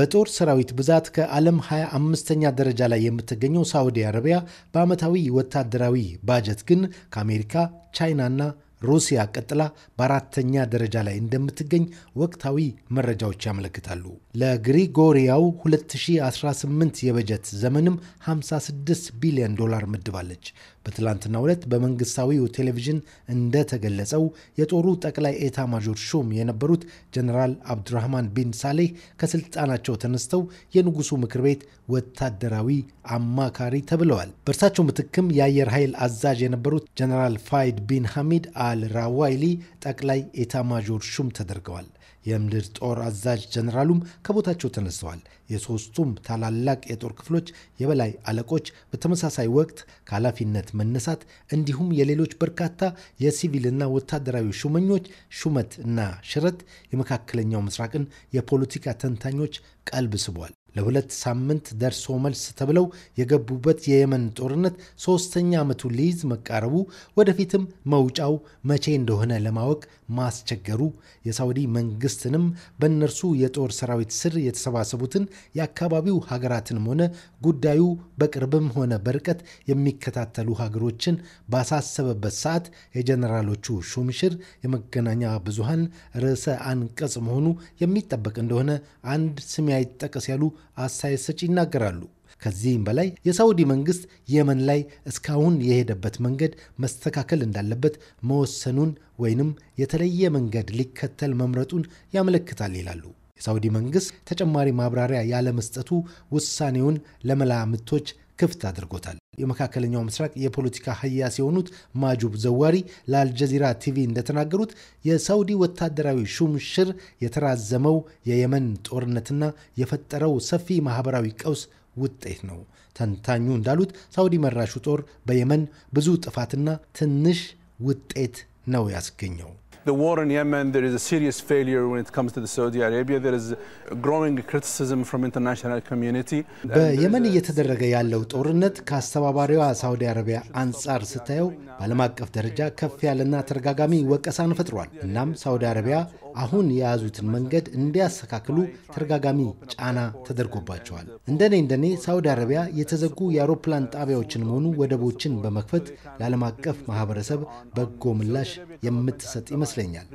በጦር ሰራዊት ብዛት ከዓለም 25ኛ ደረጃ ላይ የምትገኘው ሳዑዲ አረቢያ በዓመታዊ ወታደራዊ ባጀት ግን ከአሜሪካ፣ ቻይናና ሩሲያ ቀጥላ በአራተኛ ደረጃ ላይ እንደምትገኝ ወቅታዊ መረጃዎች ያመለክታሉ። ለግሪጎሪያው 2018 የበጀት ዘመንም 56 ቢሊዮን ዶላር መድባለች። በትላንትናው ዕለት በመንግስታዊው ቴሌቪዥን እንደተገለጸው የጦሩ ጠቅላይ ኤታ ማዦር ሹም የነበሩት ጀኔራል አብዱራህማን ቢን ሳሌህ ከስልጣናቸው ተነስተው የንጉሱ ምክር ቤት ወታደራዊ አማካሪ ተብለዋል። በእርሳቸው ምትክም የአየር ኃይል አዛዥ የነበሩት ጀኔራል ፋይድ ቢን ሐሚድ አል ራዋይሊ ጠቅላይ ኤታማዦር ሹም ተደርገዋል። የምድር ጦር አዛዥ ጀነራሉም ከቦታቸው ተነስተዋል። የሶስቱም ታላላቅ የጦር ክፍሎች የበላይ አለቆች በተመሳሳይ ወቅት ከኃላፊነት መነሳት እንዲሁም የሌሎች በርካታ የሲቪልና ወታደራዊ ሹመኞች ሹመት እና ሽረት የመካከለኛው ምስራቅን የፖለቲካ ተንታኞች ቀልብ ስቧል። ለሁለት ሳምንት ደርሶ መልስ ተብለው የገቡበት የየመን ጦርነት ሶስተኛ ዓመቱን ሊይዝ መቃረቡ ወደፊትም መውጫው መቼ እንደሆነ ለማወቅ ማስቸገሩ የሳውዲ መንግስትንም በእነርሱ የጦር ሰራዊት ስር የተሰባሰቡትን የአካባቢው ሀገራትንም ሆነ ጉዳዩ በቅርብም ሆነ በርቀት የሚከታተሉ ሀገሮችን ባሳሰበበት ሰዓት የጀኔራሎቹ ሹምሽር የመገናኛ ብዙሃን ርዕሰ አንቀጽ መሆኑ የሚጠበቅ እንደሆነ አንድ ስም አይጠቀስ ያሉ አስተያየት ሰጪ ይናገራሉ። ከዚህም በላይ የሳውዲ መንግስት የመን ላይ እስካሁን የሄደበት መንገድ መስተካከል እንዳለበት መወሰኑን ወይንም የተለየ መንገድ ሊከተል መምረጡን ያመለክታል ይላሉ። የሳውዲ መንግስት ተጨማሪ ማብራሪያ ያለመስጠቱ ውሳኔውን ለመላምቶች ክፍት አድርጎታል። የመካከለኛው ምስራቅ የፖለቲካ ሀያስ የሆኑት ማጁብ ዘዋሪ ለአልጀዚራ ቲቪ እንደተናገሩት የሳውዲ ወታደራዊ ሹምሽር የተራዘመው የየመን ጦርነትና የፈጠረው ሰፊ ማህበራዊ ቀውስ ውጤት ነው። ተንታኙ እንዳሉት ሳውዲ መራሹ ጦር በየመን ብዙ ጥፋትና ትንሽ ውጤት ነው ያስገኘው። the war in Yemen, there is a serious failure when it comes to the Saudi Arabia. There is growing criticism from international community. በየመን እየተደረገ ያለው ጦርነት ከአስተባባሪዋ ሳዑዲ አረቢያ አንጻር ስታየው በዓለም አቀፍ ደረጃ ከፍ ያለና ተደጋጋሚ ወቀሳን ፈጥሯል። እናም ሳዑዲ አረቢያ አሁን የያዙትን መንገድ እንዲያስተካክሉ ተደጋጋሚ ጫና ተደርጎባቸዋል። እንደኔ እንደኔ ሳውዲ አረቢያ የተዘጉ የአውሮፕላን ጣቢያዎችን መሆኑ ወደቦችን በመክፈት ለዓለም አቀፍ ማህበረሰብ በጎ ምላሽ የምትሰጥ ይመስለኛል።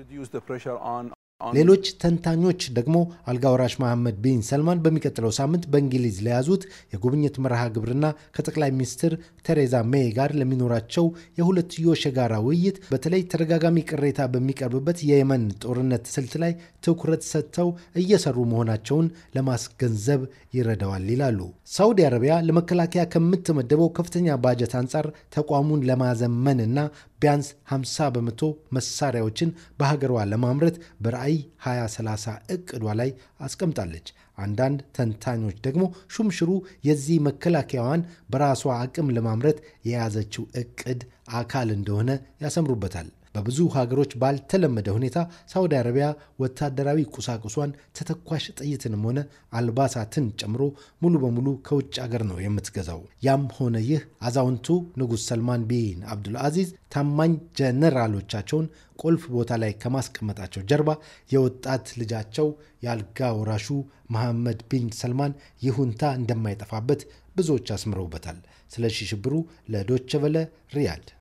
ሌሎች ተንታኞች ደግሞ አልጋወራሽ መሐመድ ቢን ሰልማን በሚቀጥለው ሳምንት በእንግሊዝ ለያዙት የጉብኝት መርሃ ግብርና ከጠቅላይ ሚኒስትር ቴሬዛ ሜይ ጋር ለሚኖራቸው የሁለትዮሽ የጋራ ውይይት በተለይ ተደጋጋሚ ቅሬታ በሚቀርብበት የየመን ጦርነት ስልት ላይ ትኩረት ሰጥተው እየሰሩ መሆናቸውን ለማስገንዘብ ይረዳዋል ይላሉ። ሳውዲ አረቢያ ለመከላከያ ከምትመደበው ከፍተኛ ባጀት አንጻር ተቋሙን ለማዘመን እና ቢያንስ 50 በመቶ መሳሪያዎችን በሀገሯ ለማምረት በራዕይ 2030 እቅዷ ላይ አስቀምጣለች። አንዳንድ ተንታኞች ደግሞ ሹምሽሩ የዚህ መከላከያዋን በራሷ አቅም ለማምረት የያዘችው እቅድ አካል እንደሆነ ያሰምሩበታል። በብዙ ሀገሮች ባልተለመደ ሁኔታ ሳውዲ አረቢያ ወታደራዊ ቁሳቁሷን ተተኳሽ ጥይትንም ሆነ አልባሳትን ጨምሮ ሙሉ በሙሉ ከውጭ አገር ነው የምትገዛው። ያም ሆነ ይህ አዛውንቱ ንጉሥ ሰልማን ቢን አብዱል ታማኝ ጀነራሎቻቸውን ቁልፍ ቦታ ላይ ከማስቀመጣቸው ጀርባ የወጣት ልጃቸው የአልጋ ወራሹ መሐመድ ቢን ሰልማን ይሁንታ እንደማይጠፋበት ብዙዎች አስምረውበታል። ስለሺ ሽብሩ ለዶቸ ቨለ ሪያድ